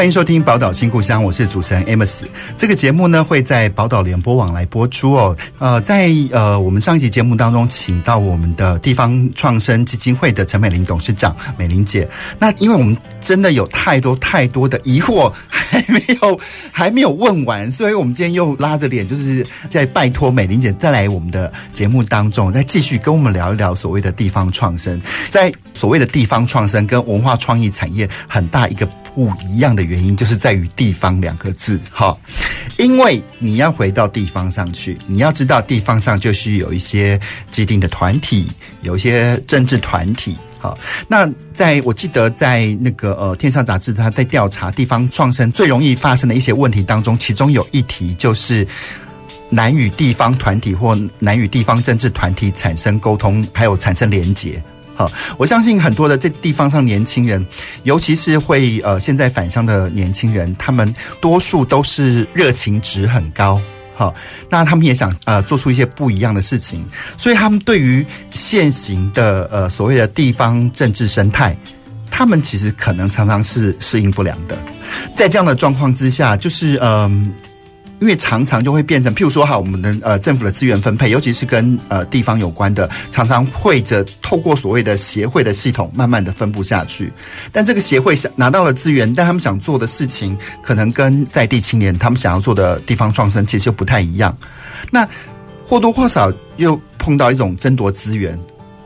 歡迎收聽《寶島新故鄉》，我是主持人 Amos。這個節目呢，會在寶島聯播網來播出哦。呃，在呃我們上一集節目當中，請到我們的地方創生基金會的陳美伶董事長美伶姐。那因為我們真的有太多太多的疑惑，還沒有還沒有問完，所以我們今天又拉着臉，就是在拜托美伶姐再來我們的節目當中，再繼續跟我們聊一聊所謂的地方創生。在所謂的地方創生跟文化創意產業很大一個。不一樣的原因就是在於「地方」兩個字，哈，因為你要回到地方上去，你要知道地方上就是有一些既定的團體，有一些政治團體，哈。那在我記得，在那個呃《天下雜誌》，他在調查地方創生最容易發生的一些問題當中，其中有一題就是難與地方團體或難與地方政治團體產生溝通，還有產生連結。我相信很多的這地方上年輕人，尤其是會呃現在返鄉的年輕人，他們多數都是熱情值很高。那他們也想呃做出一些不一樣的事情，所以他們對於現行的呃所謂的地方政治生態，他們其實可能常常是適應不良的。在這樣的狀況之下，就是嗯。呃因為常常就會變成，譬如說哈，我們的呃政府的資源分配，尤其是跟呃地方有關的，常常會着透過所謂的協會的系統，慢慢的分布下去。但這個協會想拿到了資源，但他們想做的事情，可能跟在地青年他們想要做的地方創生，其實又不太一樣。那或多或少又碰到一種爭奪資源，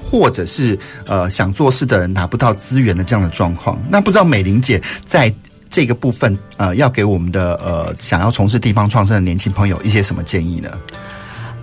或者是呃想做事的人拿不到資源的這樣的狀況。那不知道美伶姐在。這個部分，呃，要給我們的呃想要從事地方創生的年輕朋友一些什麼建議呢？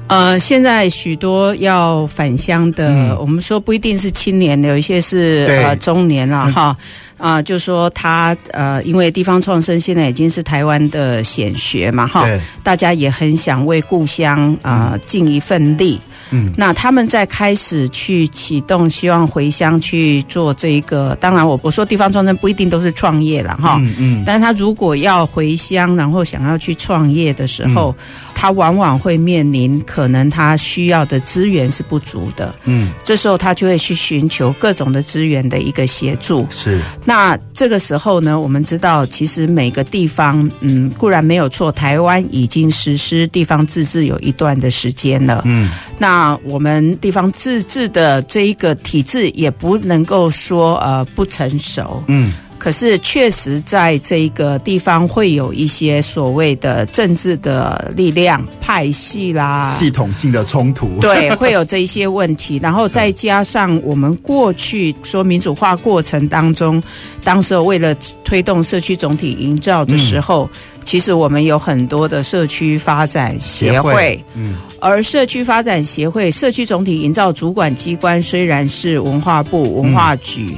呃，現在許多要返鄉的，嗯、我們說不一定是青年，有一些是呃中年了哈啊、嗯呃，就說他呃，因為地方創生現在已經是台灣的顯學嘛哈，大家也很想為故鄉啊、呃嗯、盡一份力。嗯，那他們在開始去啟動，希望回鄉去做這一個。當然，我我說地方創生不一定都是創業了哈。嗯嗯。但他如果要回鄉，然後想要去創業的時候，嗯，他往往會面臨可能他需要的資源是不足的。嗯，這時候他就會去尋求各種的資源的一個協助。是。那這個時候呢，我們知道，其實每個地方，嗯，固然沒有錯，台灣已經實施地方自治有一段的時間了。嗯。那我們地方自治的這一個體制也不能夠說呃不成熟，嗯。可是，確實在這個地方會有一些所謂的政治的力量、派系啦，系統性的衝突，對，會有這一些問題。然後再加上我們過去說民主化過程當中，當時為了推動社區總體營造的時候，其實我們有很多的社區發展協會，嗯，而社區發展協會、社區總體營造主管機關雖然是文化部、文化局。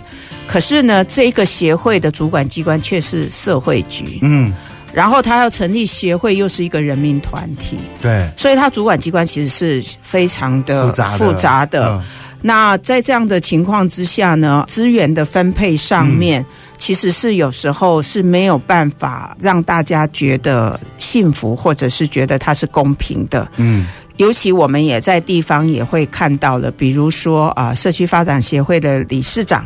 可是呢，這個協會的主管機關卻是社會局。嗯，然後他要成立協會，又是一個人民團體。對，所以它主管機關其實是非常的複雜的。複雜的。複雜的。哦，那在這樣的情況之下呢，資源的分配上面，嗯，其實是有時候是沒有辦法讓大家覺得幸福，或者是覺得它是公平的。嗯，尤其我們也在地方也會看到了，比如說啊，社區發展協會的理事長。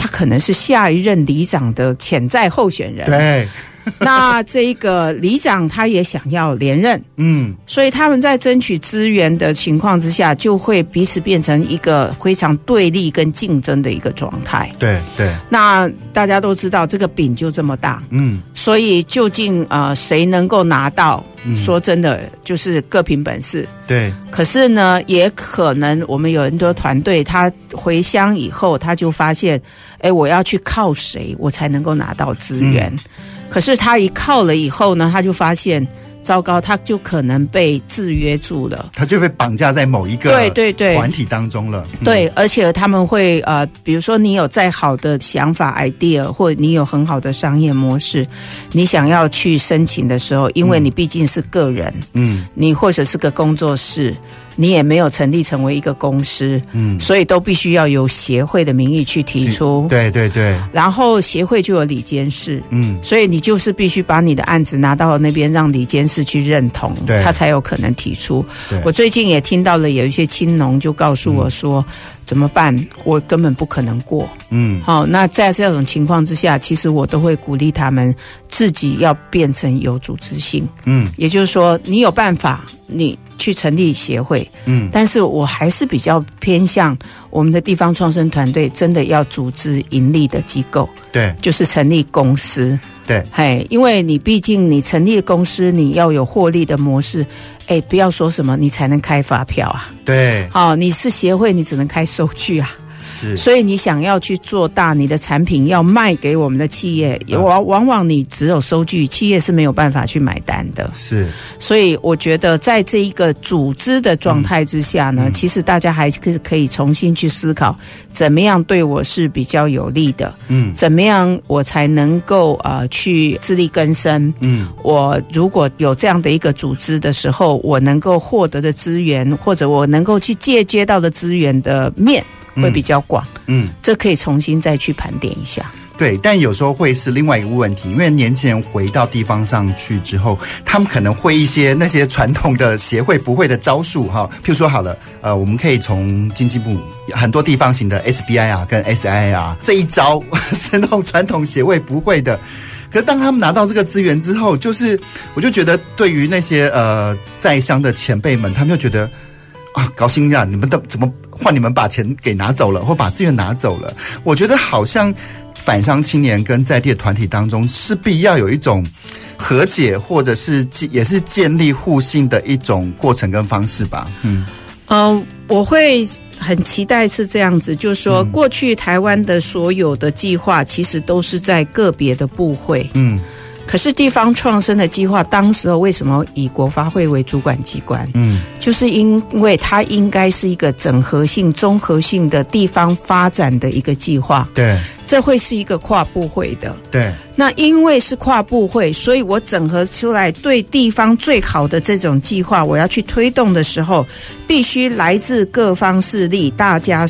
他可能是下一任里長的潛在候選人。對。 那這個里長他也想要連任，嗯，所以他們在爭取資源的情況之下，就會彼此變成一個非常對立跟競爭的一個狀態。對對。那大家都知道這個餅就這麼大，嗯，所以究竟呃誰能夠拿到，嗯，說真的，就是各憑本事。對。可是呢，也可能我們有很多團隊，他回鄉以後，他就發現，哎，我要去靠誰，我才能夠拿到資源。嗯可是他一靠了以後呢，他就發現糟糕，他就可能被制約住了，他就被綁架在某一個對對對團體當中了，嗯。對，而且他們會呃，比如說你有再好的想法，idea，或者你有很好的商業模式，你想要去申請的時候，因為你畢竟是個人，嗯，嗯，你或者是個工作室。你也沒有成立成為一個公司，嗯，所以都必須要由協會的名義去提出，對對對，然後協會就有理監事，嗯，所以你就是必須把你的案子拿到那邊讓理監事去認同，他才有可能提出。我最近也聽到了有一些青農就告訴我說。嗯怎麼辦？我根本不可能過。嗯，好、哦，那在這種情況之下，其實我都會鼓勵他們自己要變成有組織性。嗯，也就是說，你有辦法，你去成立協會。嗯，但是我還是比較偏向我們的地方創生團隊，真的要組織盈利的機構。對，就是成立公司。對，哎，因為你畢竟你成立公司，你要有獲利的模式，哎，不要說什麼，你才能開發票啊，對，好，哦，你是協會，你只能開收據啊。是，所以你想要去做大你的產品，要賣給我們的企業，往往往你只有收據，企業是沒有辦法去買單的。是，所以我覺得在這一個組織的狀態之下呢、嗯嗯，其實大家還可以重新去思考，怎麼樣對我是比較有利的？嗯，怎麼樣我才能夠啊、呃、去自力更生？嗯，我如果有這樣的一個組織的時候，我能夠獲得的資源，或者我能夠去借接到的資源的面，會比較廣嗯，嗯，這可以重新再去盤點一下。對，但有時候會是另外一個問題，因為年輕人回到地方上去之後，他們可能會一些那些傳統的協會不會的招數，哈、哦，譬如說好了，呃，我們可以從經濟部很多地方型的 SBIR 跟 SIR 這一招，是那種傳統協會不會的。可是當他們拿到這個資源之後，就是我就覺得，對於那些呃在鄉的前輩們，他們就覺得啊，高興啊，你們都怎麼？換你們把錢給拿走了，或把資源拿走了，我覺得好像返鄉青年跟在地的團體當中，勢必要有一種和解，或者是也是建立互信的一種過程跟方式吧。嗯，呃、我會很期待是這樣子，就是說、嗯、過去台灣的所有的計劃，其實都是在個別的部會。嗯。可是地方創生的計劃，當時候為什麼以國發會為主管機關？嗯，就是因為它應該是一個整合性、綜合性的地方發展的一個計劃。對，這會是一個跨部會的。對，那因為是跨部會，所以我整合出來對地方最好的這種計劃，我要去推動的時候，必須來自各方勢力，大家，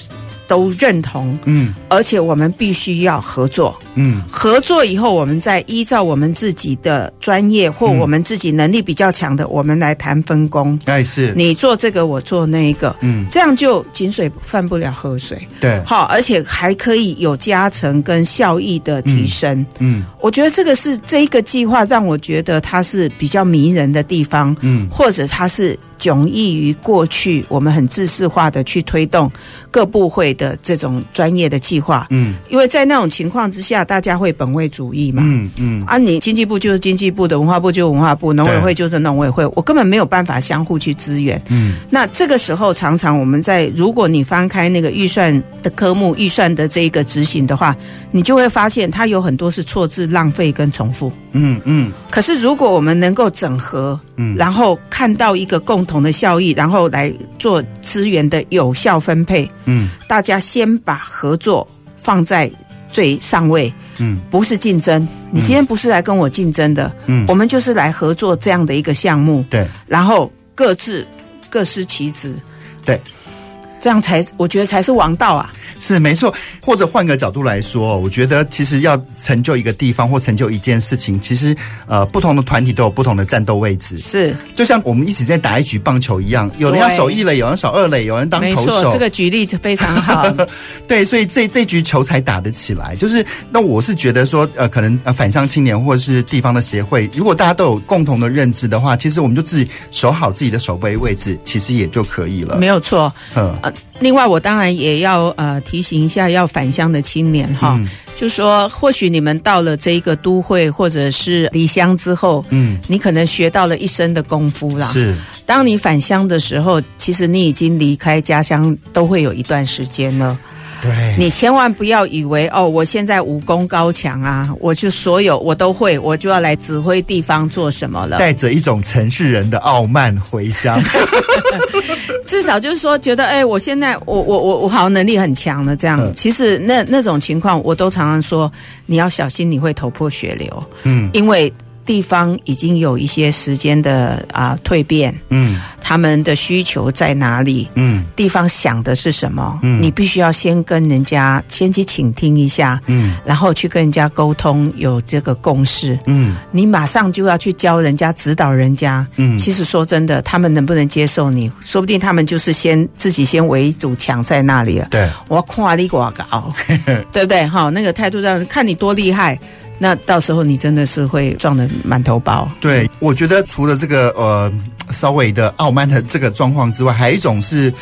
都認同，嗯，而且我們必須要合作，嗯，合作以後，我們再依照我們自己的專業或我們自己能力比較強的，我們來談分工，那、哎、是你做這個，我做那個，嗯，這樣就井水犯不了河水，對，好，而且還可以有加成跟效益的提升，嗯，嗯，我覺得這個是這一個計劃讓我覺得它是比較迷人的地方，嗯，或者它是。迥異於過去，我們很自私化的去推動各部會的這種專業的計劃。嗯，因為在那種情況之下，大家會本位主義嘛。嗯嗯啊，你經濟部就是經濟部的，文化部就是文化部，農委會就是農委會，我根本沒有辦法相互去支援。嗯，那這個時候常常我們在，如果你翻開那個預算的科目、預算的這一個執行的話，你就會發現它有很多是錯置、浪費跟重複。嗯嗯。可是如果我們能夠整合，嗯，然後看到一個共同的效益，然後來做資源的有效分配。嗯，大家先把合作放在最上位。嗯，不是競爭，你今天不是來跟我競爭的。嗯，我們就是來合作這樣的一個項目。對、嗯，然後各自各司其職。對，這樣才我覺得才是王道啊。是沒錯，或者換個角度來說，我覺得其實要成就一個地方或成就一件事情，其實呃，不同的團體都有不同的戰鬥位置。是，就像我們一直在打一局棒球一樣，有人要守一壘，有人守二壘，有人當投手。沒錯，這個舉例就非常好。 對，所以這這局球才打得起來。就是，那我是覺得說，呃，可能呃，返鄉青年或者是地方的協會，如果大家都有共同的認知的話，其實我們就自己守好自己的守備位置，其實也就可以了。沒有錯。嗯。另外，我當然也要呃提醒一下要返鄉的青年哈、嗯哦，就說或許你們到了這個都會或者是離鄉之後，嗯，你可能學到了一身的功夫啦。是，當你返鄉的時候，其實你已經離開家鄉都會有一段時間了。對，你千萬不要以為哦，我現在武功高強啊，我就所有我都會，我就要來指揮地方做什麼了。帶着一種城市人的傲慢回鄉， 至少就是說，覺得哎、欸，我現在我我我我好像能力很強的這樣、嗯。其實那那種情況，我都常常說，你要小心，你會頭破血流。嗯，因為。地方已經有一些時間的啊呃，蛻變，嗯，他們的需求在哪裡？嗯，地方想的是什麼？嗯，你必須要先跟人家先去傾聽一下，嗯，然後去跟人家溝通，有這個共識，嗯，你馬上就要去教人家、指導人家，嗯，其實說真的，他們能不能接受你，說不定他們就是先自己先圍一堵牆在那裡了，對，我誇你呱搞， 對不對？好，那個態度上，看你多厲害。那到時候你真的是會撞得滿頭包。對，我覺得除了這個呃稍微的傲慢的這個狀況之外，還有一種是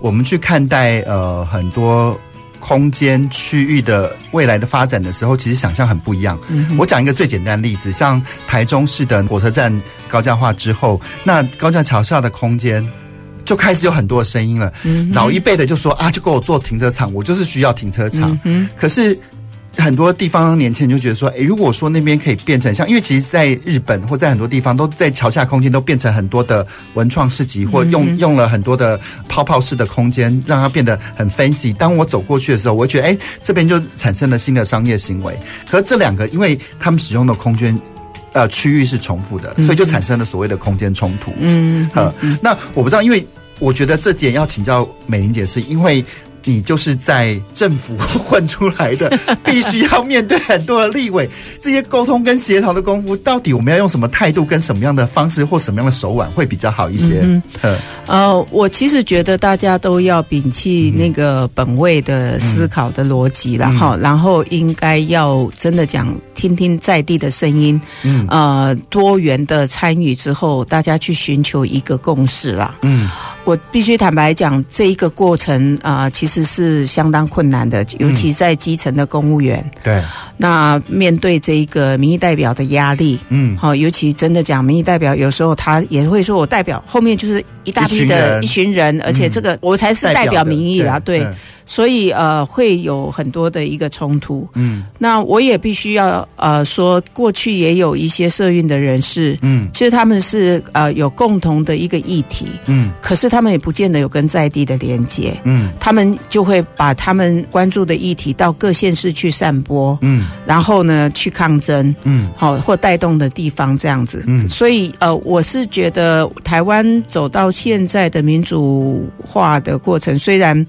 我們去看待呃很多空間區域的未來的發展的時候，其實想象很不一樣。嗯，我講一個最簡單的例子，像台中市的火車站高架化之後，那高架橋下的空間就開始有很多聲音了。嗯，老一輩的就說啊，就給我做停車場，我就是需要停車場。嗯，可是。很多地方年輕人就覺得說，誒、欸、如果說那邊可以變成像，因為其實，在日本或在很多地方，都在橋下空間都變成很多的文創市集，或用用了很多的泡泡式的空間，讓它變得很 fancy。當我走過去的時候，我覺得，哎、欸，這邊就產生了新的商業行為。可是這兩個，因為他們使用的空間呃區域是重複的，所以就產生了所謂的空間衝突。嗯，嗯，嗯，嗯，那我不知道，因為我覺得這點要請教美伶姐，是因為。你就是在政府混出來的，必須要面對很多的立委。 這些溝通跟協調的功夫，到底我們要用什麼態度，跟什麼樣的方式，或什麼樣的手腕會比較好一些？嗯，嗯，呃，我其實覺得大家都要摒棄、嗯、那個本位的思考的邏輯了，哈、嗯，然後應該要真的講，聽聽在地的聲音，嗯，呃，多元的參與之後，大家去尋求一個共識啦。嗯，我必須坦白講，這一個過程啊、呃，其實是相當困難的，尤其在基層的公務員。嗯、對。那面對這一個民意代表的壓力，嗯，好，尤其真的講，民意代表有時候他也會說：「我代表後面就是一大批的一群，一群人，而且這個我才是代表民意啦。」對。對對所以呃會有很多的一個衝突，嗯，那我也必須要呃說，過去也有一些社運的人士，嗯，其實他們是呃有共同的一個議題，嗯，可是他們也不見得有跟在地的連接，嗯，他們就會把他們關注的議題到各縣市去散播，嗯，然後呢去抗爭，嗯，好、哦、或帶動的地方這樣子，嗯，所以呃我是覺得台灣走到現在的民主化的過程，雖然，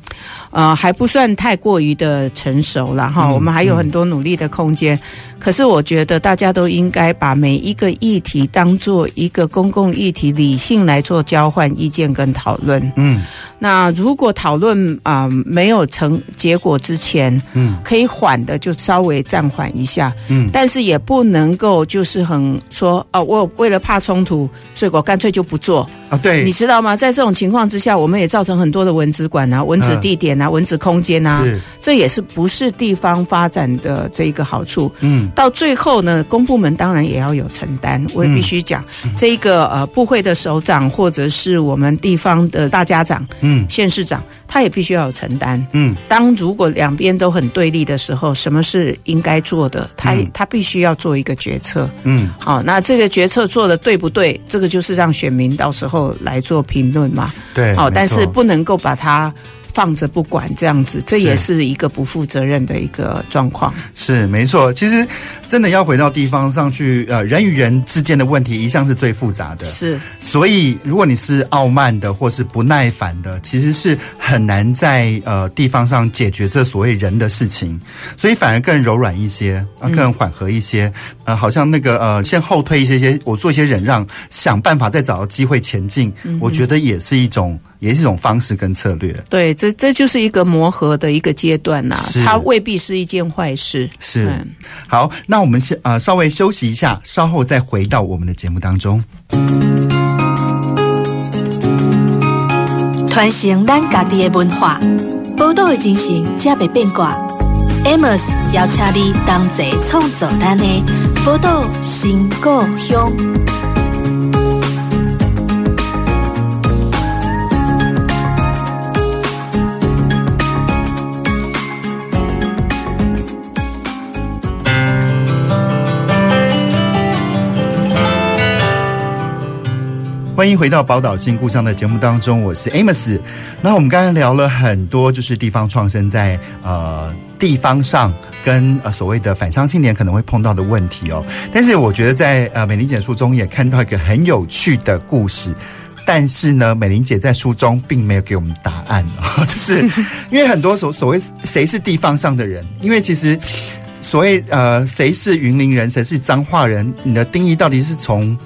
呃。還不算太過於的成熟了哈、嗯嗯，我們還有很多努力的空間、嗯。可是我覺得大家都應該把每一個議題當作一個公共議題，理性來做交換意見跟討論。嗯，那如果討論啊沒有成結果之前，嗯，可以緩的就稍微暫緩一下。嗯，但是也不能夠就是很說哦、呃，我為了怕衝突，所以我乾脆就不做啊。對，你知道嗎？在這種情況之下，我們也造成很多的蚊子館啊、蚊子地點啊、呃、蚊子。空間啊，這也是不是地方發展的這一個好處。嗯，到最後呢，公部門當然也要有承擔。我也必須講，嗯、這一個呃，部會的首長或者是我們地方的大家長，嗯，縣市長，他也必須要有承擔。嗯，當如果兩邊都很對立的時候，什麼是應該做的，他、嗯、他必須要做一個決策。嗯，好，那這個決策做的對不對，這個就是讓選民到時候來做評論嘛。對，好、哦，但是不能夠把它。放着不管這樣子，這也是一個不負責任的一個狀況。是沒錯，其實真的要回到地方上去，呃，人與人之間的問題一向是最複雜的。是，所以如果你是傲慢的或是不耐煩的，其實是很難在呃地方上解決這所謂人的事情。所以反而更柔軟一些，啊，呃，更緩和一些。嗯，呃，好像那個呃，先後退一些些，我做一些忍讓，想辦法再找到機會前進。嗯，我覺得也是一種。也是一種方式跟策略。對，這這就是一個磨合的一個階段吶、啊，它未必是一件壞事。是、嗯。好，那我們先啊、呃，稍微休息一下，稍後再回到我們的節目當中。傳承咱家己的文化，報道的精神才袂變卦。Amos 邀請你當齊創造咱的報道新故鄉。歡迎回到《寶島新故鄉》的節目當中，我是 Amos。那我們剛才聊了很多，就是地方創生在呃地方上跟呃所謂的返鄉青年可能會碰到的問題哦。但是我覺得在呃美伶姐的書中也看到一個很有趣的故事，但是呢，美伶姐在書中並沒有給我們答案哦，就是因為很多所所謂誰是地方上的人，因為其實所謂呃誰是雲林人，誰是彰化人，你的定義到底是從？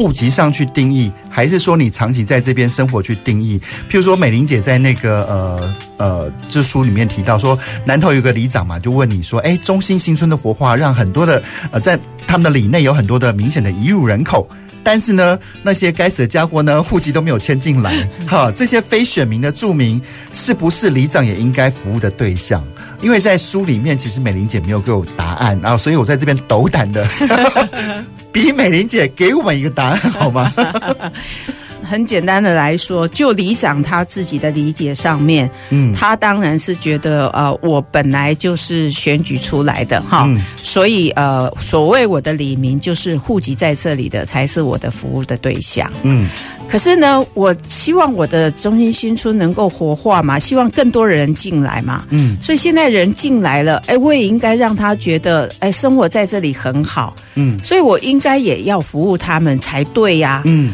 戶籍上去定義，還是說你長期在這邊生活去定義？譬如說，美伶姐在那個呃呃這書裡面提到說，南投有個里長嘛，就問你說，哎，中興新村的活化讓很多的呃，在他們的里內有很多的明顯的移入人口，但是呢，那些該死的家伙呢，戶籍都沒有遷進來。哈，這些非選民的住民是不是里長也應該服務的對象？因為在書裡面，其實美伶姐沒有給我答案，然後，啊，所以我在這邊斗膽的。 比美伶姐給我們一個答案好嗎？ 很簡單的來說，就里長，他自己的理解上面，嗯，他當然是覺得，呃，我本來就是選舉出來的哈、嗯，所以呃，所謂我的里民就是戶籍在這裡的才是我的服務的對象，嗯。可是呢，我希望我的中心新村能夠活化嘛，希望更多人進來嘛，嗯。所以現在人進來了，哎，我也應該讓他覺得，哎，生活在這裡很好，嗯。所以我應該也要服務他們才對呀、啊，嗯。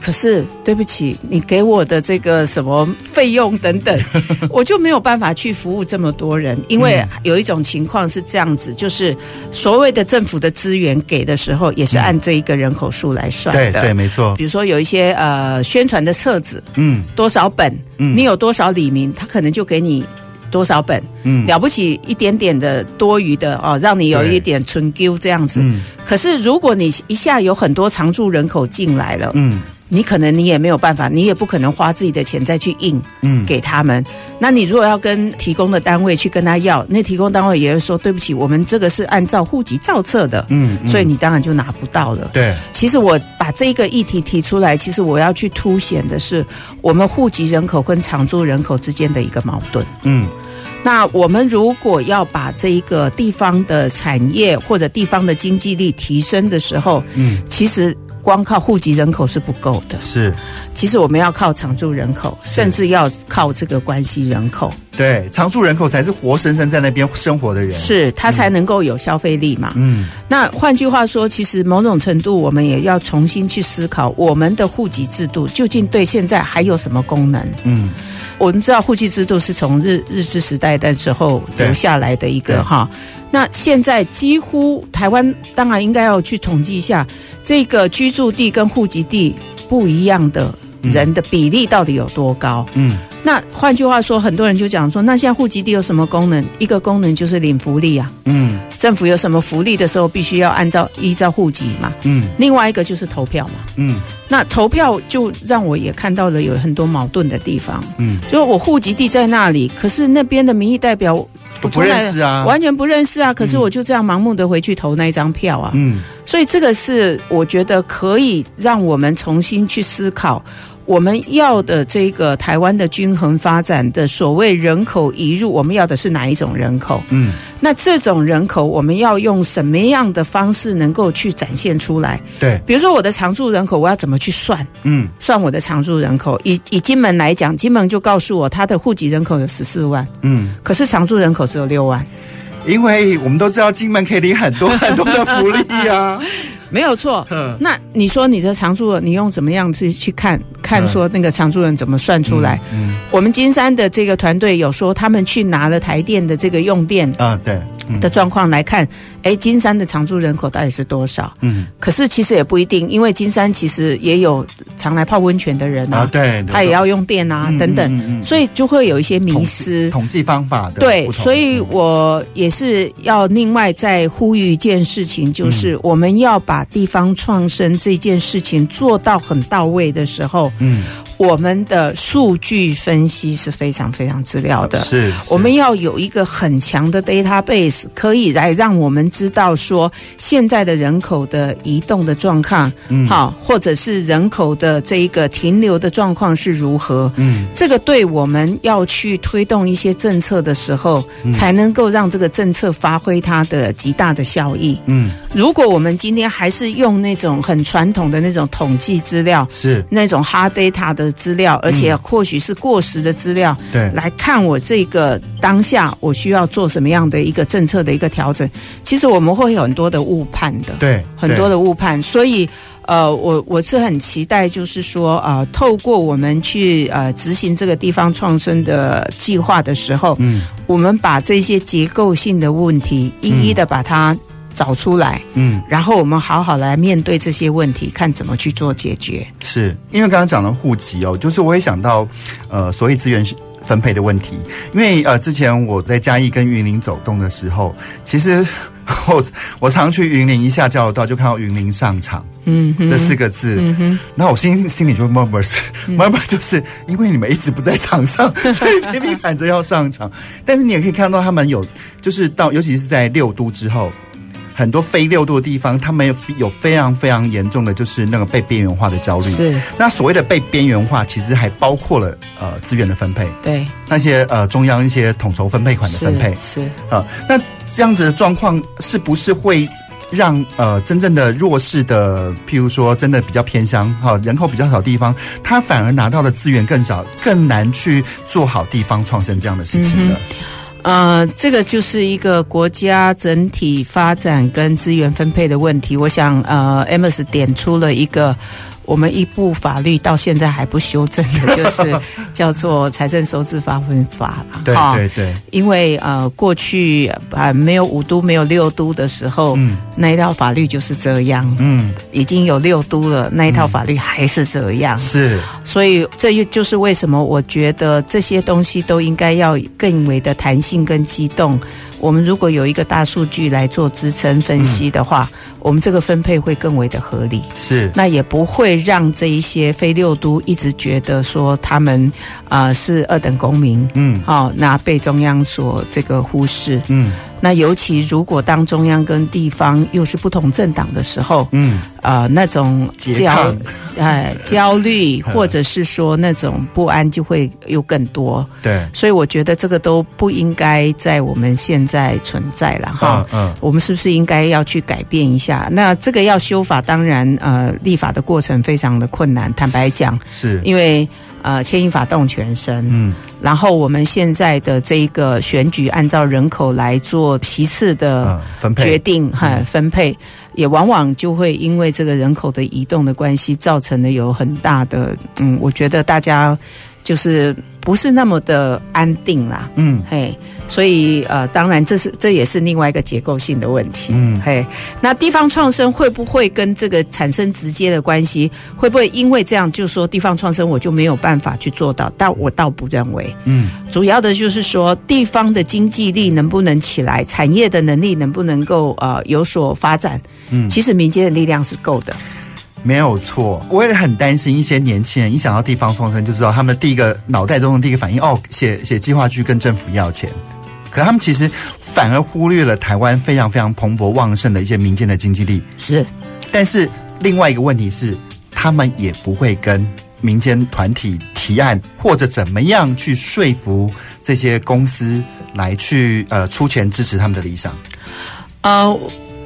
可是對不起，你給我的這個什麼費用等等， 我就沒有辦法去服務這麼多人，因為有一種情況是這樣子，就是所謂的政府的資源給的時候，也是按這一個人口數來算的。嗯、對對，沒錯。比如說有一些呃宣傳的冊子，嗯，多少本，嗯，你有多少里民，他可能就給你多少本，嗯，了不起一點點的多餘的哦，讓你有一點純丟這樣子，嗯。可是如果你一下有很多常住人口進來了，嗯。你可能你也沒有辦法，你也不可能花自己的錢再去印，嗯，給他們。嗯。那你如果要跟提供的單位去跟他要，那提供單位也會說對不起，我們這個是按照戶籍造冊的，嗯，嗯，所以你當然就拿不到了。對，其實我把這一個議題提出來，其實我要去凸顯的是我們戶籍人口跟常住人口之間的一個矛盾。嗯，那我們如果要把這一個地方的產業或者地方的經濟力提升的時候，嗯，其實。光靠戶籍人口是不夠的，是，其實我們要靠常住人口，甚至要靠這個關係人口。對，常住人口才是活生生在那邊生活的人，是他才能夠有消費力嘛。嗯，那換句話說，其實某種程度我們也要重新去思考我們的戶籍制度究竟對現在還有什麼功能？嗯，我們知道戶籍制度是從日日治時代的時候留下來的一個哈。那現在幾乎台灣，當然應該要去統計一下這個居住地跟戶籍地不一樣的人的比例到底有多高？嗯，那換句話說，很多人就講說，那現在戶籍地有什麼功能？一個功能就是領福利啊，嗯，政府有什麼福利的時候必須要按照依照戶籍嘛，嗯，另外一個就是投票嘛，嗯，那投票就讓我也看到了有很多矛盾的地方，嗯，就我戶籍地在那裡，可是那邊的民意代表，我不認識啊，完全不認識啊。可是我就這樣盲目的回去投那一張票啊。嗯，所以這個是我覺得可以讓我們重新去思考。我們要的這個台灣的均衡發展的所謂人口移入，我們要的是哪一種人口？嗯，那這種人口我們要用什麼樣的方式能夠去展現出來？對，比如說我的常住人口，我要怎麼去算？嗯，算我的常住人口。以以金門來講，金門就告訴我他的戶籍人口有十四萬，嗯，可是常住人口只有六萬，因為我們都知道金門可以領很多很多的福利呀、啊。 沒有錯，那你說你的常住人，你用怎麼樣去去看看說，那個常住人怎麼算出來？嗯嗯，我們金山的這個團隊有說他們去拿了台電的這個用電，啊，對的狀況來看。哎，金山的常住人口到底是多少？嗯，可是其實也不一定，因為金山其實也有常來泡溫泉的人啊，啊對，他也要用電啊、嗯、等等、嗯嗯嗯，所以就會有一些迷思統，統計方法的對，所以我也是要另外再呼籲一件事情，就是我們要把地方創生這件事情做到很到位的時候，嗯，嗯我們的數據分析是非常非常資料的，是，是我們要有一個很強的 database 可以來讓我們。知道說現在的人口的移動的狀況，好、嗯，或者是人口的這一個停留的狀況是如何？嗯，這個對我們要去推動一些政策的時候、嗯，才能夠讓這個政策發揮它的極大的效益。嗯，如果我們今天還是用那種很傳統的那種統計資料，是那種 hard data 的資料，而且或許是過時的資料，對、嗯，來看我這個當下我需要做什麼樣的一個政策的一個調整，其實。是，我們會有很多的誤判的，對，對，很多的誤判。所以，呃，我我是很期待，就是說，呃，透過我們去呃執行這個地方創生的計劃的時候，嗯，我們把這些結構性的問題、嗯、一一的把它找出來，嗯，然後我們好好來面對這些問題，看怎麼去做解決。是因為剛剛講了戶籍哦，就是我也想到，呃，所謂資源分配的問題，因為呃，之前我在嘉義跟雲林走動的時候，其實。我我常去雲林，一下交流道就看到“雲林上場、嗯哼”這四個字，那、嗯、我心心裡就 murmur murmur，就是因為你們一直不在場上，所以拼命喊着要上場。 但是你也可以看到，他們有就是到，尤其是在六都之後，很多非六都的地方，他們有非常非常嚴重的，就是那個被邊緣化的焦慮。是，那所謂的被邊緣化，其實還包括了呃資源的分配，對那些呃中央一些統籌分配款的分配是啊、呃、那。這樣子的狀況是不是會讓呃真正的弱勢的，譬如說真的比較偏鄉哈，人口比較少的地方，他反而拿到的資源更少，更難去做好地方創生這樣的事情呢、嗯？呃，這個就是一個國家整體發展跟資源分配的問題。我想呃 Mars 點出了一個。我們一部法律到現在還不修正的，就是叫做《財政收支劃分法、 哦》對對對，因為呃，過去啊、呃、沒有五都沒有六都的時候，嗯、那一套法律就是這樣。嗯，已經有六都了，那一套法律還是這樣、嗯。是，所以這就是為什麼我覺得這些東西都應該要更為的彈性跟機動。我們如果有一個大數據來做支撐分析的話，嗯，我們這個分配會更為的合理。是，那也不會讓這一些非六都一直覺得說他們啊、呃、是二等公民。嗯，好、哦，那被中央所這個忽視。嗯。那尤其如果當中央跟地方又是不同政黨的時候，嗯，啊、呃，那種焦，哎、呃，焦慮或者是說那種不安就會有更多。對，所以我覺得這個都不應該在我們現在存在了哈。嗯、啊啊，我們是不是應該要去改變一下？那這個要修法，當然，呃，立法的過程非常的困難。坦白講，是，是因為。呃，牽一髮動全身。嗯，然後我們現在的這一個選舉，按照人口來做其次的，啊、分配決定哈，分配，也往往就會因為這個人口的移動的關係，造成了有很大的，嗯，我覺得大家就是不是那麼的安定啦。嗯，嘿。所以，呃，當然，這是這也是另外一個結構性的問題。嗯，嘿，那地方創生會不會跟這個産生直接的關係？會不會因為這樣，就說地方創生我就沒有辦法去做到？但我倒不認為。嗯，主要的就是說地方的經濟力能不能起來，產業的能力能不能夠呃有所發展？嗯，其實民間的力量是夠的。沒有錯，我也很擔心一些年輕人，一想到地方創生就知道他們第一個腦袋中的第一個反應，哦，寫寫計劃去跟政府要錢。可他們其實反而忽略了台灣非常非常蓬勃旺盛的一些民間的經濟力。是，但是另外一個問題是，他們也不會跟民間團體提案，或者怎麼樣去說服這些公司來去呃出錢支持他們的理想。呃，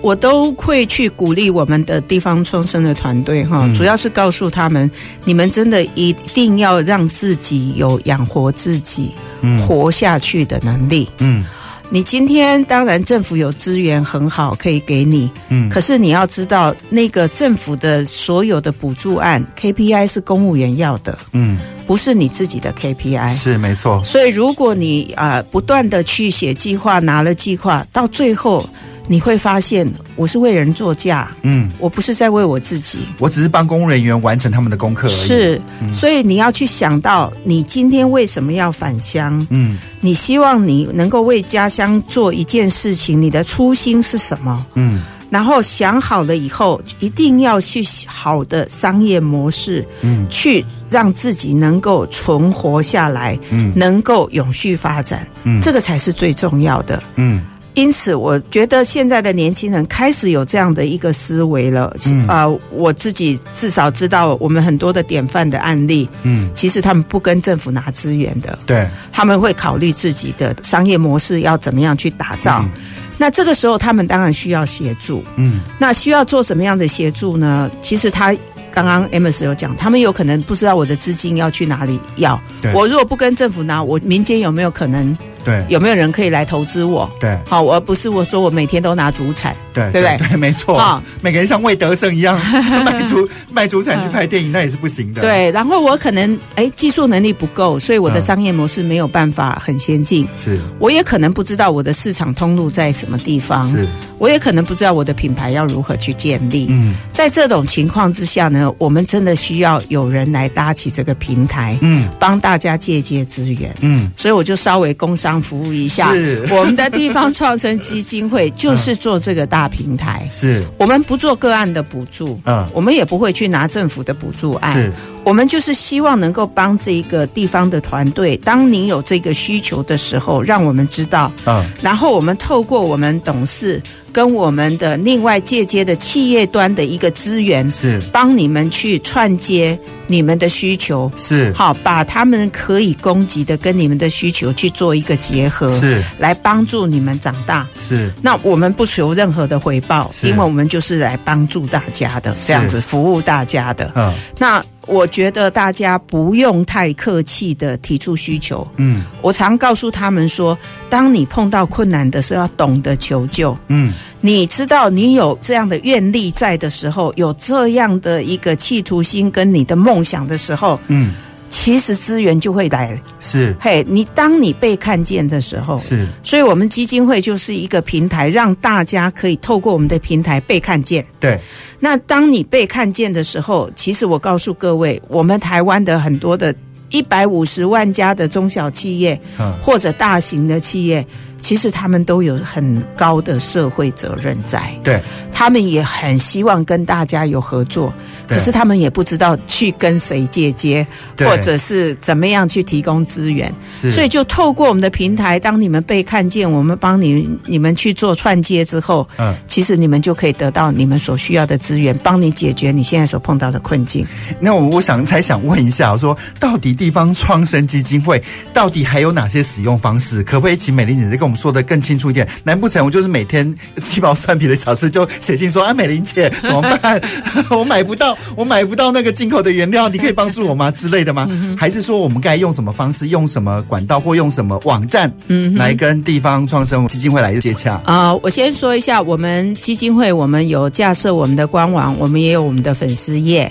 我都會去鼓勵我們的地方創生的團隊哈、哦嗯，主要是告訴他們，你們真的一定要讓自己有養活自己。嗯、活下去的能力。嗯，你今天當然政府有資源很好，可以給你。嗯，可是你要知道，那個政府的所有的補助案 KPI 是公務員要的，嗯，不是你自己的 KPI。是沒錯。所以如果你啊、呃、不斷的去寫計劃，拿了計劃，到最後。你會發現，我是為人作嫁，嗯，我不是在為我自己，我只是幫公務人員完成他們的功課而已。是，嗯，所以你要去想到，你今天為什麼要返鄉？嗯，你希望你能夠為家鄉做一件事情，你的初心是什麼？嗯，然後想好了以後，一定要去好的商業模式，嗯，去讓自己能夠存活下來，嗯，能夠永續發展，嗯，這個才是最重要的，嗯。因此，我覺得現在的年輕人開始有這樣的一個思維了。嗯、呃，啊，我自己至少知道我們很多的典範的案例。嗯，其實他們不跟政府拿資源的。對，他們會考慮自己的商業模式要怎麼樣去打造。嗯、那這個時候，他們當然需要協助。嗯，那需要做什麼樣的協助呢？其實他剛剛 MS 有講，他們有可能不知道我的資金要去哪裡要。對，我如果不跟政府拿，我民間有沒有可能？對，有沒有人可以來投資我？對，好，而不是我說我每天都拿祖產，對，對對，對，對。沒錯、哦。每個人像魏德聖一樣 賣主賣祖產去拍電影， 那也是不行的。對，然後我可能哎，技術能力不夠，所以我的商業模式沒有辦法很先進。是，我也可能不知道我的市場通路在什麼地方。是，我也可能不知道我的品牌要如何去建立。嗯，在這種情況之下呢，我們真的需要有人來搭起這個平台，嗯，幫大家借借資源，嗯，所以我就稍微工商。服務一下是，我們的地方創生基金會就是做這個大平台，啊、是，我們不做個案的補助，嗯、啊，我們也不會去拿政府的補助案，我們就是希望能夠幫這個地方的團隊，當你有這個需求的時候，讓我們知道，嗯、啊，然後我們透過我們董事。跟我們的另外介接的企業端的一個資源，是幫你們去串接你們的需求，是好把他們可以供給的跟你們的需求去做一個結合，是來幫助你們長大，是那我們不求任何的回報，因為我們就是來幫助大家的這樣子，服務大家的嗯，那。我覺得大家不用太客氣的提出需求。嗯，我常告訴他們說，當你碰到困難的時候，要懂得求救。嗯，你知道你有這樣的願力在的時候，有這樣的一個企圖心跟你的夢想的時候，嗯。其實資源就會來，是嘿，hey, 你，當你被看見的時候，是，所以我們基金會就是一個平台，讓大家可以透過我們的平台被看見。對，那當你被看見的時候，其實我告訴各位，我們台灣的很多的一百五十萬家的中小企業，嗯，或者大型的企業。其實他們都有很高的社會責任在，對，他們也很希望跟大家有合作，對，可是他們也不知道去跟誰接接，對，或者是怎麼樣去提供資源，是。所以就透過我們的平台，當你們被看見，我們幫你，你們去做串接之後，嗯。其實你們就可以得到你們所需要的資源，幫你解決你現在所碰到的困境。那我我想才想問一下，說到底地方創生基金會到底還有哪些使用方式？可不可以請美伶姐姐跟我們說得更清楚一點，難不成我就是每天雞毛蒜皮的小事就寫信說啊，美伶姐怎麼辦？ 我買不到，我買不到那個進口的原料，你可以幫助我嗎？之類的嗎？ 嗯、還是說我們該用什麼方式，用什麼管道，或用什麼網站嗯，來跟地方創生基金會來接洽？啊、呃，我先說一下，我們基金會，我們有架設我們的官網，我們也有我們的粉絲頁。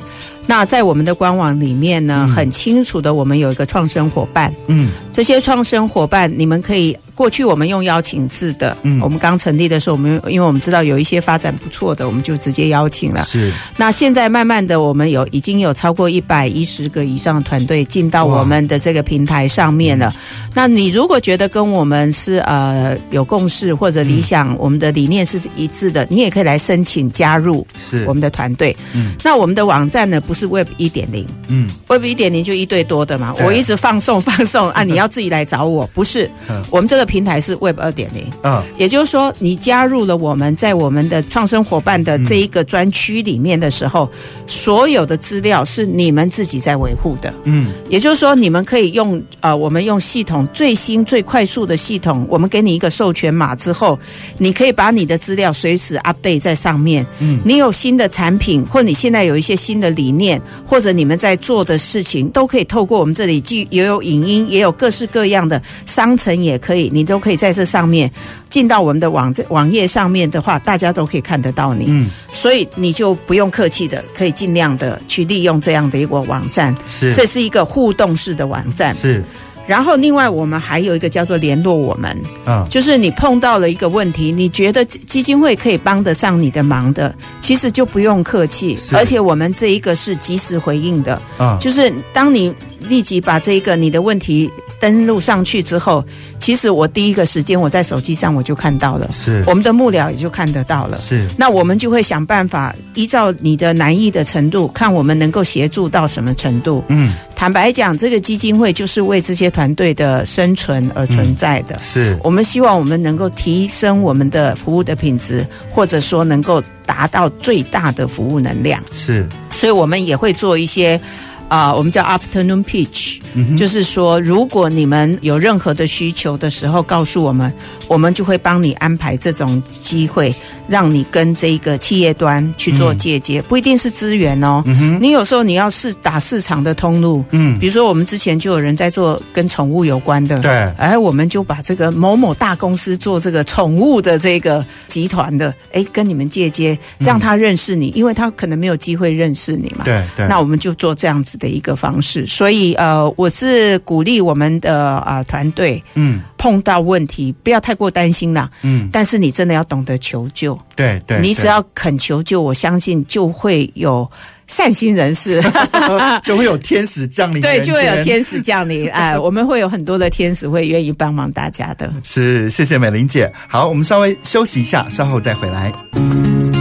那在我們的官網裡面呢，嗯、很清楚的，我們有一個創生夥伴。嗯，這些創生伙伴，你們可以過去。我們用邀請制的。嗯，我們剛成立的時候，我們因為我們知道有一些發展不錯的，我們就直接邀請了。是。那現在慢慢的，我們有已經有超過一百一十個以上的團隊進到我們的這個平台上面了。嗯、那你如果覺得跟我們是呃有共識或者理想，我們的理念是一致的，嗯、你也可以來申請加入是我們的團隊。嗯，那我們的網站呢，不是 Web 一點零，嗯，Web 一點零就一對多的嘛？Uh, 我一直放送放送啊！你要自己來找我，不是？嗯、uh，我們這個平台是 Web 二點零，嗯，也就是說，你加入了我們在我們的創生夥伴的這一個專區裡面的時候，嗯、所有的資料是你們自己在維護的，嗯，也就是說，你們可以用啊、呃，我們用系統最新最快速的系統，我們給你一個授權碼之後，你可以把你的資料隨時 update 在上面，嗯，你有新的產品或你現在有一些新的理念。念或者你們在做的事情都可以透過我們這裡，既也有影音，也有各式各樣的商城，也可以，你都可以在這上面進到我們的網站網頁上面的話，大家都可以看得到你。嗯，所以你就不用客氣的，可以盡量的去利用這樣的一個網站，是這是一個互動式的網站。是。然後，另外我們還有一個叫做聯絡我們，啊，就是你碰到了一個問題，你覺得基金會可以幫得上你的忙的，其實就不用客氣，而且我們這一個是及時回應的，啊，就是當你立即把這一個你的問題。登錄上去之後，其實我第一個時間我在手機上我就看到了，是我們的幕僚也就看得到了，是，那我們就會想辦法依照你的難易的程度，看我們能夠協助到什麼程度。嗯，坦白講，這個基金會就是為這些團隊的生存而存在的。嗯。是，我們希望我們能夠提升我們的服務的品質，或者說能夠達到最大的服務能量。是，所以我們也會做一些。啊、uh，我們叫 afternoon pitch，嗯、就是說，如果你們有任何的需求的時候，告訴我們，我們就會幫你安排這種機會，讓你跟這個企業端去做介接，接、嗯，不一定是資源哦、嗯哼。你有時候你要是打市場的通路，嗯，比如說我們之前就有人在做跟寵物有關的，對、嗯，哎，我們就把這個某某大公司做這個寵物的這個集團的，哎，跟你們介接，接，讓他認識你、嗯，因為他可能沒有機會認識你嘛，對、嗯，那我們就做這樣子。的一個方式，所以呃，我是鼓勵我們的啊、呃、團隊，嗯，碰到問題不要太過擔心啦，嗯，但是你真的要懂得求救，對對，你只要肯求救，我相信就會有善心人士， 就會有天使降臨，對，就會有天使降臨， 哎，我們會有很多的天使會願意幫忙大家的，是，謝謝美伶姐，好，我們稍微休息一下，稍後再回來。嗯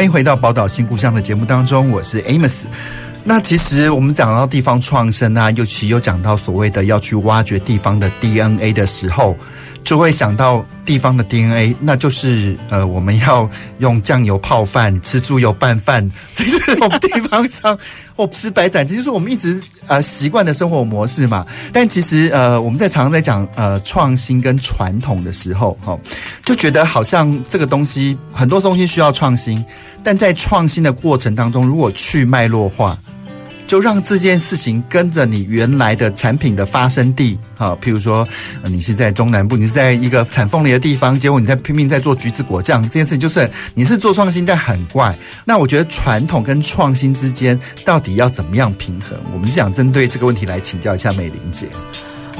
歡迎回到《寶島新故鄉》的節目當中，我是 Amos。那其實我們講到地方創生啊，尤其又講到所謂的要去挖掘地方的 DNA 的時候。就會想到地方的 DNA。那就是呃，我們要用醬油泡飯，吃豬油拌飯，這種地方上，我、 哦、吃白斬雞，其實就是我們一直呃習慣的生活模式嘛。但其實呃，我們在常常在講呃創新跟傳統的時候，哦，就覺得好像這個東西很多東西需要創新，但在創新的過程當中，如果去脈絡化。就讓這件事情跟着你原來的產品的發生地，哈，譬如說你是在中南部，你是在一個產鳳梨的地方，結果你在拼命在做橘子果醬，這件事情就是你是做創新，但很怪。那我覺得傳統跟創新之間到底要怎麼樣平衡？我們是想針對這個問題來請教一下美玲姐。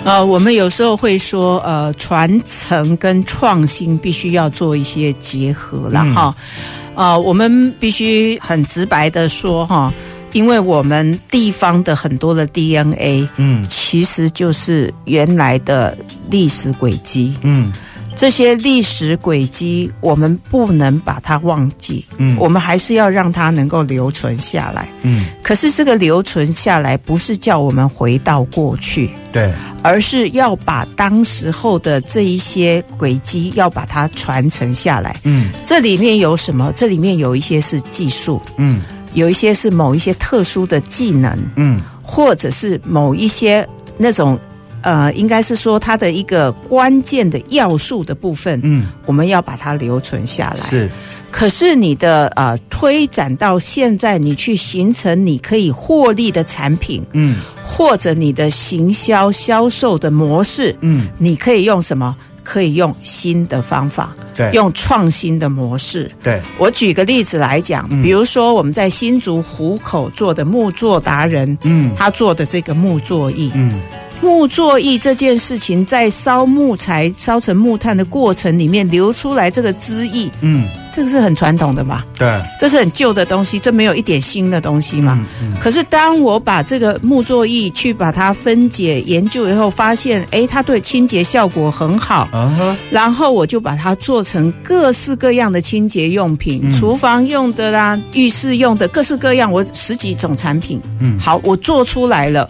啊、呃，我們有時候會說，呃，傳承跟創新必須要做一些結合了哈、嗯。呃，我們必須很直白地說哈。呃因為我們地方的很多的 DNA，嗯，其實就是原來的歷史軌跡，嗯，這些歷史軌跡我們不能把它忘記，嗯，我們還是要讓它能夠留存下來，嗯，可是這個留存下來不是叫我們回到過去，對，而是要把當時候的這一些軌跡要把它傳承下來，嗯，這裡面有什麼？這裡面有一些是技術，嗯。有一些是某一些特殊的技能，嗯，或者是某一些那種呃，應該是說它的一個關鍵的要素的部分，嗯，我們要把它留存下來。是。可是你的呃推展到現在，你去形成你可以獲利的產品，嗯，或者你的行銷銷售的模式，嗯，你可以用什麼？可以用新的方法，對，用創新的模式。對，我舉個例子來講，嗯，比如說我們在新竹湖口做的木作達人，嗯，他做的這個木作藝，嗯。木座藝這件事情，在燒木材燒成木炭的過程裡面流出來這個汁液。嗯，這個是很傳統的嘛，對，這是很舊的東西，這沒有一點新的東西嘛。嗯嗯、可是當我把這個木醋液去把它分解研究以後，發現誒它對清潔效果很好，uh -huh，然後我就把它做成各式各樣的清潔用品，嗯，廚房用的啦，浴室用的，各式各樣，我十幾種產品，嗯，好，我做出來了。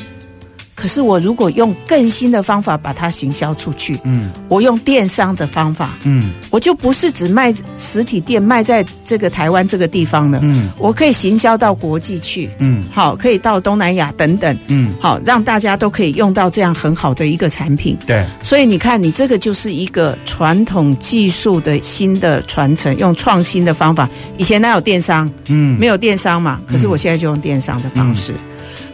可是我如果用更新的方法把它行銷出去，嗯，我用電商的方法，嗯，我就不是只賣實體店賣在這個台灣這個地方了，嗯，我可以行銷到國際去，嗯，好，可以到東南亞等等，嗯，好，讓大家都可以用到這樣很好的一個產品，對、嗯，所以你看，你這個就是一個傳統技術的新的傳承，用創新的方法，以前哪有電商，嗯，沒有電商嘛，可是我現在就用電商的方式。嗯嗯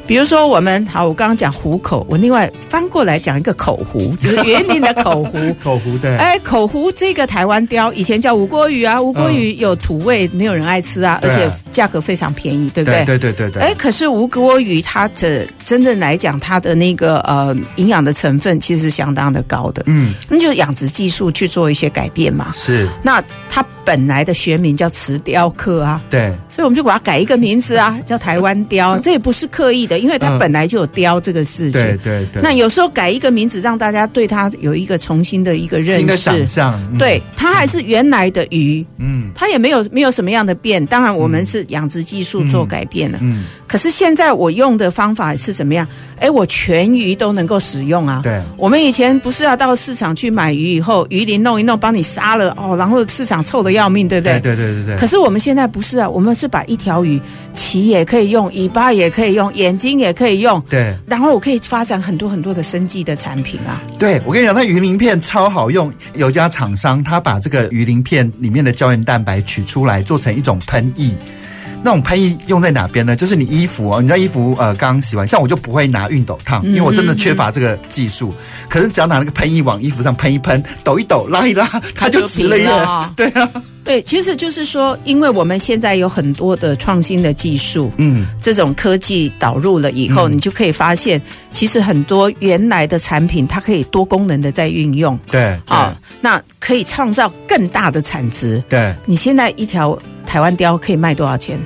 比如說我們好，我剛剛講湖口，我另外翻過來講一個口湖，就是雲林的口湖 口湖對，哎，口湖這個台灣鯛以前叫吳郭魚啊，吳郭魚有土味、嗯，沒有人愛吃啊，而且價格非常便宜，對、啊、對不對？對對對對，對。哎，可是吳郭魚它的真正來講，它的那個呃營養的成分其實是相當的高的。嗯，那就養殖技術去做一些改變嘛。是，那它。本來的學名叫慈鯛科啊，對，所以我們就把它改一個名字啊，叫台灣鯛、啊。這也不是刻意的，因為它本來就有鯛這個事情。呃、對對對。那有時候改一個名字，讓大家對它有一個重新的一個認識，新的想象、嗯。對，它還是原來的魚，嗯，它也沒有沒有什麼樣的變。當然，我們是養殖技術做改變了嗯嗯，嗯。可是現在我用的方法是怎麼樣？哎、欸，我全魚都能夠使用啊。對，我們以前不是要、啊、到市場去買魚以後，魚鱗弄一弄，幫你殺了哦，然後市場臭了。要命，對不對？對，對對對對，可是我們現在不是啊，我們是把一條魚，鰭也可以用，尾巴也可以用，眼睛也可以用，對。然後我可以發展很多很多的生技的產品啊。對，我跟你講，它魚鱗片超好用，有家廠商他把這個魚鱗片裡面的膠原蛋白取出來，做成一種噴液。那種噴液，用在哪邊呢？就是你衣服哦，你知道衣服呃，剛洗完，像我就不會拿熨斗燙、嗯，因為我真的缺乏這個技術、嗯。可是只要拿那個噴液往衣服上噴一噴，抖一抖，拉一拉、哦，它就直了。對啊，對，其實就是說，因為我們現在有很多的創新的技術，嗯，這種科技導入了以後、嗯，你就可以發現，其實很多原來的產品它可以多功能的在運用。對啊、哦，那可以創造更大的產值。對，你現在一條台灣鯛可以賣多少錢？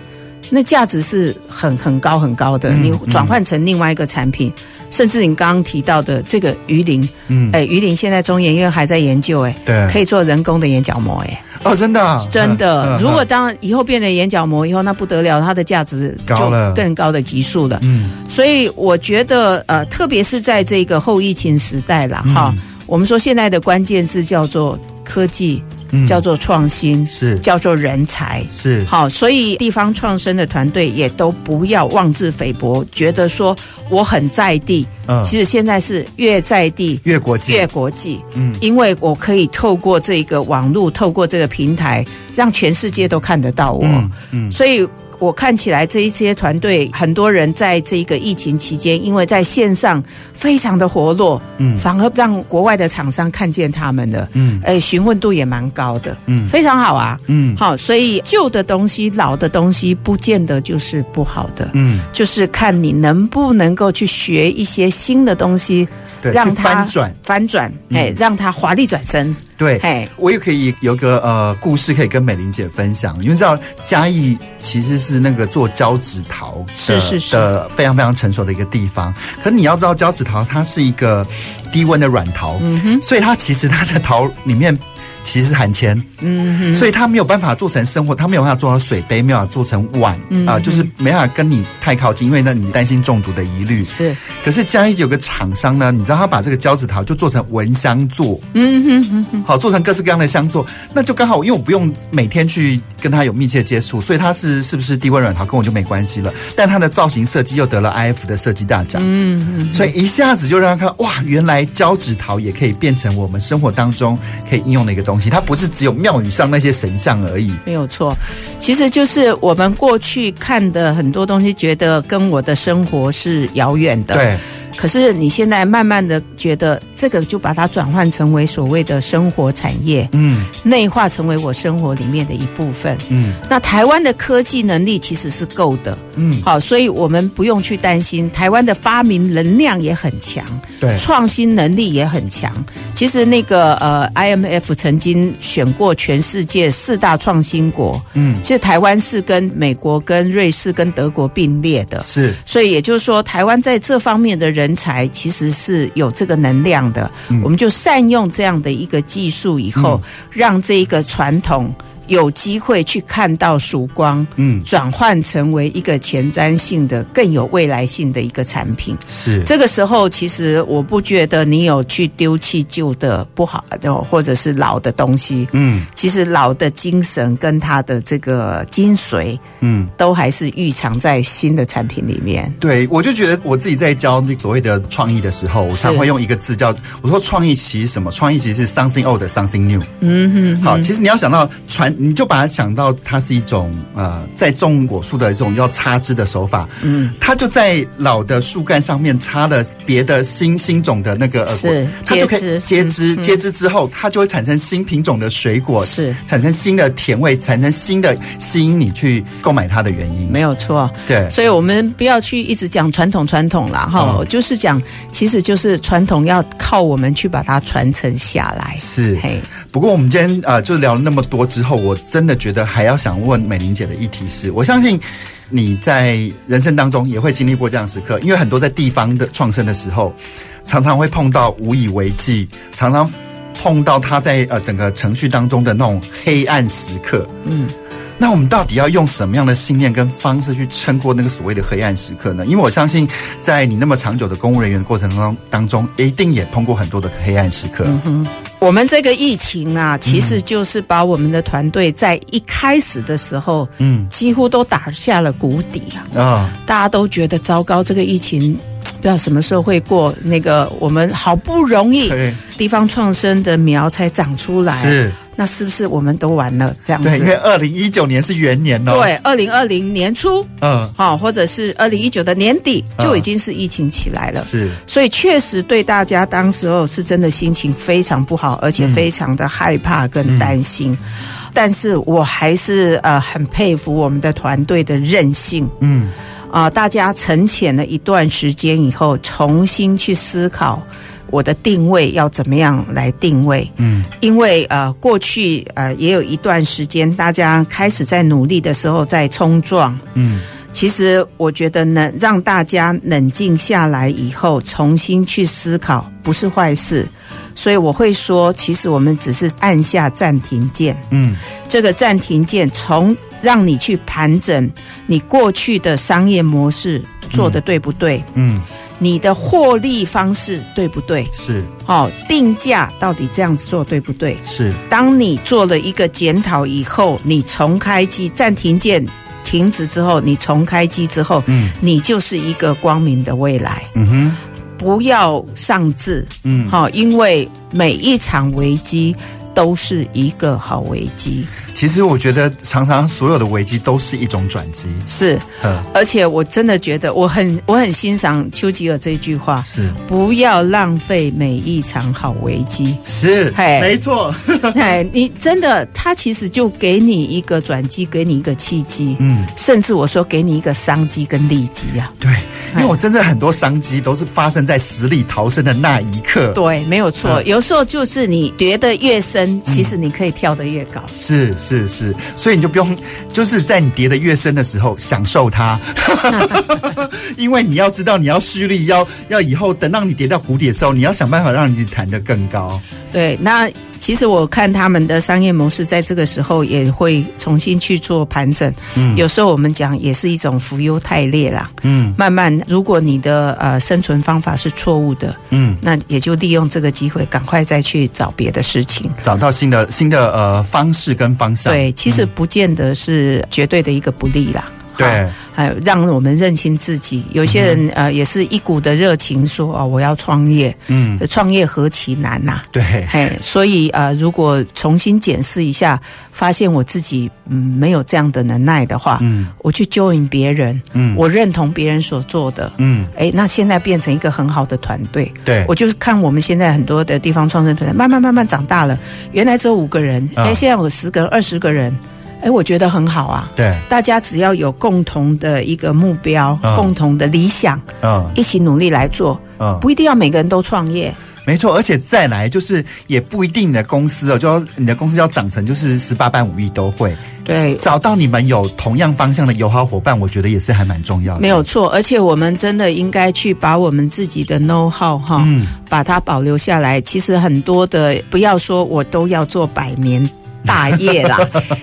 那價值是很很高很高的，嗯、你轉換成另外一個產品，嗯、甚至你剛剛提到的這個魚鱗，嗯，哎、欸，魚鱗現在中研院還在研究、欸，哎，對，可以做人工的眼角膜、欸，哎，哦，真的、啊，真的、啊，如果當以後變成眼角膜以後，那不得了，它的價值高就更高的級數了，了，嗯，所以我覺得，呃，特別是在這個後疫情時代了，哈、嗯哦，我們說現在的關鍵是叫做科技。叫做創新、嗯、是，叫做人才是好，所以地方創生的團隊也都不要妄自菲薄，覺得說我很在地。嗯、哦，其實現在是越在地越國際越國際，嗯，因為我可以透過這個網絡，透過這個平台，讓全世界都看得到我。嗯，嗯，所以。我看起來，這一些團隊很多人在這一個疫情期間，因為在線上非常的活絡，嗯，反而讓國外的廠商看見他們的，嗯，哎，詢問度也蠻高的，嗯，非常好啊，嗯，好，哦，所以舊的東西、老的東西不見得就是不好的，嗯，就是看你能不能夠去學一些新的東西，對，讓它翻轉，翻轉，誒、哎，讓它華麗轉身。對，我也可以有個呃故事可以跟美伶姐分享，因為知道嘉義其實是那個做交趾陶的是是，是的非常非常成熟的一個地方，可你要知道交趾陶它是一個低溫的軟陶，嗯哼，所以它其實它的陶裡面。其實含鉛，嗯，所以他沒有辦法做成生活，他沒有辦法做成水杯，沒有辦法做成碗啊、嗯呃，就是沒辦法跟你太靠近，因為呢你擔心中毒的疑慮是。可是嘉義有個廠商呢，你知道他把這個交趾陶就做成蚊香座。嗯哼哼，好做成各式各樣的香座，那就剛好，因為我不用每天去跟他有密切接觸，所以他是是不是低溫軟陶跟我就沒關係了。但它的造型設計又得了 IF 的設計大獎，嗯所以一下子就讓他看到哇，原來交趾陶也可以變成我們生活當中可以應用的一個東西。東西它不是只有廟宇上那些神像而已，沒有錯。其實就是我們過去看的很多東西，覺得跟我的生活是遙遠的。對，可是你現在慢慢的覺得。這個就把它轉換成為所謂的生活產業，嗯，內化成為我生活裡面的一部分，嗯，那台灣的科技能力其實是夠的，嗯，好，所以我們不用去擔心台灣的發明能量也很強，對，創新能力也很強。其實那個呃，IMF 曾經選過全世界四大創新國，嗯，其實台灣是跟美國、跟瑞士、跟德國並列的，是，所以也就是說，台灣在這方面的人才其實是有這個能量的。嗯、我們就善用這樣的一個技術，以後、嗯、讓這一個傳統，有機會去看到曙光，嗯，轉換成為一個前瞻性的、更有未來性的一個產品。是，這個時候其實我不覺得你有去丟棄舊的不好，或者是老的東西，嗯，其實老的精神跟它的這個精髓，嗯，都還是蘊藏在新的產品裡面。對，我就覺得我自己在教那所謂的創意的時候，我常會用一個字叫“我說創意其實什麼？創意其實是 something old，something new。”嗯哼哼，好，其實你要想到傳。你就把它想到，它是一種呃，在種果樹的這種要插枝的手法。嗯，它就在老的樹幹上面插了別的新新種的那個果是它就可以接枝，嗯。接枝之後，嗯，它就會產生新品種的水果，是產生新的甜味，產生新的吸引你去購買它的原因。沒有錯，對。所以我們不要去一直講傳統傳統啦，哈，嗯，就是講，其實就是傳統要靠我們去把它傳承下來。是，嘿。不過我們今天呃就聊了那麼多之後。我。我真的覺得還要想問美伶姐的議題是，我相信你在人生當中也會經歷過這樣的時刻，因為很多在地方的創生的時候，常常會碰到無以為繼，常常碰到他在呃整個程序當中的那種黑暗時刻。嗯，那我們到底要用什麼樣的信念跟方式去撐過那個所謂的黑暗時刻呢？因為我相信，在你那麼長久的公務人員的過程當中當中，一定也碰過很多的黑暗時刻。嗯哼。我們這個疫情啊，其實就是把我們的團隊在一開始的時候，嗯，幾乎都打下了谷底啊、嗯。大家都覺得糟糕，這個疫情不知道什麼時候會過。那個我們好不容易，地方創生的苗才長出來。是。那是不是我們都完了這樣子？對，因為二零一九年是元年哦。對，二零二零年初，嗯，好，或者是二零一九的年底，呃、就已經是疫情起來了。是，所以確實對大家當時候是真的心情非常不好，而且非常的害怕跟擔心。嗯嗯，但是我還是呃很佩服我們的團隊的韌性。嗯啊，呃，大家沉潛了一段時間以後，重新去思考。我的定位要怎麼樣來定位？嗯，因為呃，過去呃也有一段時間，大家開始在努力的時候在衝撞，嗯，其實我覺得呢，讓大家冷靜下來以後，重新去思考，不是壞事。所以我會說，其實我們只是按下暫停鍵，嗯，這個暫停鍵從讓你去盤整你過去的商業模式做得對不對，嗯。嗯你的獲利方式對不對？是。好、哦，定價到底這樣子做對不對？是。當你做了一個檢討以後，你重開機暫停鍵停止之後，你重開機之後，嗯，你就是一個光明的未來。嗯哼，不要喪志。嗯，好、哦，因為每一場危機都是一個好危機。其實我覺得，常常所有的危機都是一種轉機。是，嗯、而且我真的覺得，我很我很欣賞丘吉爾這句話：是不要浪費每一場好危機。是，嘿沒錯。哎， 你真的，他其實就給你一個轉機，給你一個契機。嗯，甚至我說給你一個商機跟利機啊。對，嗯、因為我真的很多商機都是發生在死裡逃生的那一刻。對，沒有錯。嗯、有時候就是你跌得越深、嗯，其實你可以跳得越高。是。是是是，所以你就不用，就是在你跌的越深的時候享受它， 因為你要知道你要蓄力，要要以後等到你跌到谷底的時候，你要想辦法讓你彈得更高。對，那。其實我看他們的商業模式，在這個時候也會重新去做盤整。嗯，有時候我們講也是一種扶優汰劣啦，嗯，慢慢，如果你的呃生存方法是錯誤的，嗯，那也就利用這個機會，趕快再去找別的事情，找到新的新的呃方式跟方向。對，嗯，其實不見得是絕對的一個不利啦。對，還有讓我們認清自己。有些人、嗯、呃，也是一股的熱情說，說哦，我要創業。嗯，創業何其難吶、啊！對，嘿，所以呃，如果重新檢視一下，發現我自己嗯沒有這樣的能耐的話，嗯，我去 join 別人，嗯，我認同別人所做的，嗯，誒、欸、那現在變成一個很好的團隊。對，我就是看我們現在很多的地方創生團隊，慢慢慢慢長大了，原來只有五個人，誒、欸嗯、現在有十個、二十個人。哎，我覺得很好啊。對，大家只要有共同的一個目標、哦、共同的理想，嗯、哦，一起努力來做，嗯、哦，不一定要每個人都創業。沒錯，而且再來就是也不一定你的公司哦，就要你的公司要長成就是十八般武藝都會。對，找到你們有同樣方向的友好夥伴，我覺得也是還蠻重要的。沒有錯，而且我們真的應該去把我們自己的 know-how 哈、哦嗯，把它保留下來。其實很多的，不要說我都要做百年。 大業啦，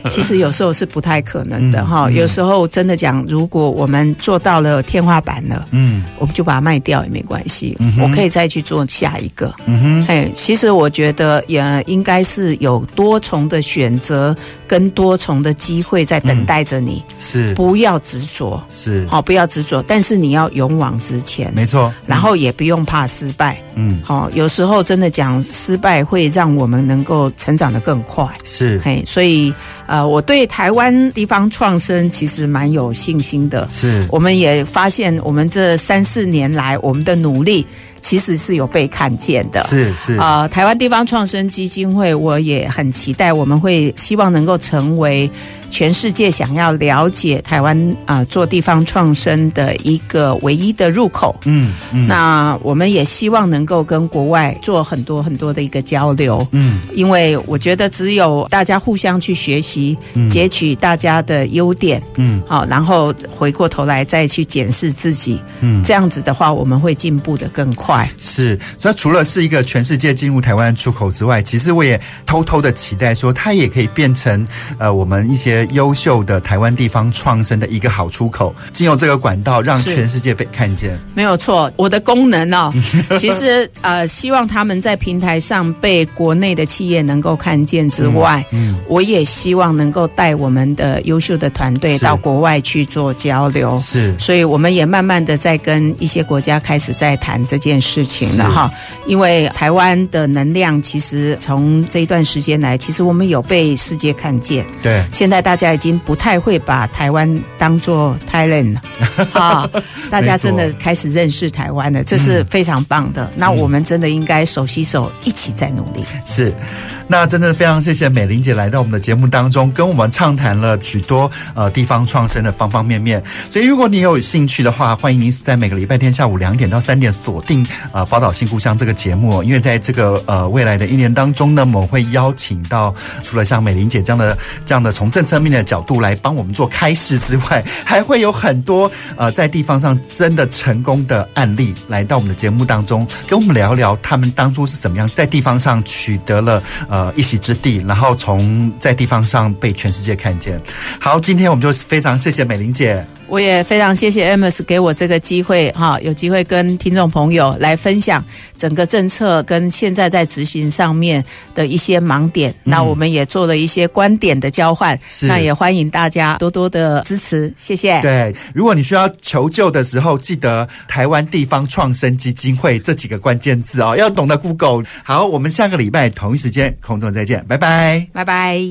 其實有時候是不太可能的哈、嗯嗯。有時候真的講，如果我們做到了天花板了，嗯，我們就把它賣掉也沒關係、嗯，我可以再去做下一個。嗯哼，嘿，其實我覺得也應該是有多重的選擇跟多重的機會在等待着你、嗯。是，不要執着。是，好、哦，不要執着，但是你要勇往直前。沒錯、嗯，然後也不用怕失敗。嗯，好，哦，有時候真的講，失敗會讓我們能夠成長得更快，是，嘿，所以，呃，我對台灣地方創生其實蠻有信心的，是，我們也發現我們這三四年來我們的努力。其實是有被看見的，是是啊、呃，台灣地方創生基金會，我也很期待，我們會希望能夠成為全世界想要了解台灣啊、呃、做地方創生的一個唯一的入口。嗯嗯，那我們也希望能夠跟國外做很多很多的一個交流。嗯，因為我覺得只有大家互相去學習，嗯、截取大家的優點。嗯，好，然後回過頭來再去檢視自己。嗯，這樣子的話，我們會進步的更快。是，所以除了是一個全世界進入台灣出口之外，其實我也偷偷的期待說，它也可以變成呃我們一些優秀的台灣地方創生的一個好出口，進入這個管道，讓全世界被看見。沒有錯，我的功能哦， 其實呃希望他們在平台上被國內的企業能夠看見之外，嗯，我也希望能夠帶我們的優秀的團隊到國外去做交流。是，是，所以我們也慢慢的在跟一些國家開始在談這件事。事情了哈，因為台灣的能量其實從這一段時間來，其實我們有被世界看見。對，現在大家已經不太會把台灣當做 Thailand 了，哈， 大家真的開始認識台灣了，這是非常棒的。嗯，那我們真的應該手攜手一起再努力。是。那真的非常謝謝美伶姐來到我們的節目當中，跟我們暢談了許多呃地方創生的方方面面。所以如果你有興趣的話，歡迎您在每個禮拜天下午兩點到三點鎖定呃《寶島新故鄉》這個節目哦。因為在這個呃未來的一年當中呢，我會邀請到除了像美伶姐這樣的這樣的從政策面的角度來幫我們做開示之外，還會有很多呃在地方上真的成功的案例來到我們的節目當中，跟我們聊聊他們當初是怎麼樣在地方上取得了呃。呃，一席之地，然後從在地方上被全世界看見。好，今天我們就非常謝謝美伶姐。我也非常謝謝 Amos 給我這個機會哈，有機會跟聽眾朋友來分享整個政策跟現在在執行上面的一些盲點。嗯。那我們也做了一些觀點的交換，那也歡迎大家多多的支持，謝謝。對，如果你需要求救的時候，記得台灣地方創生基金會這幾個關鍵字哦。要懂得 Google。好，我們下個禮拜同一時間，空中再見，拜拜，拜拜。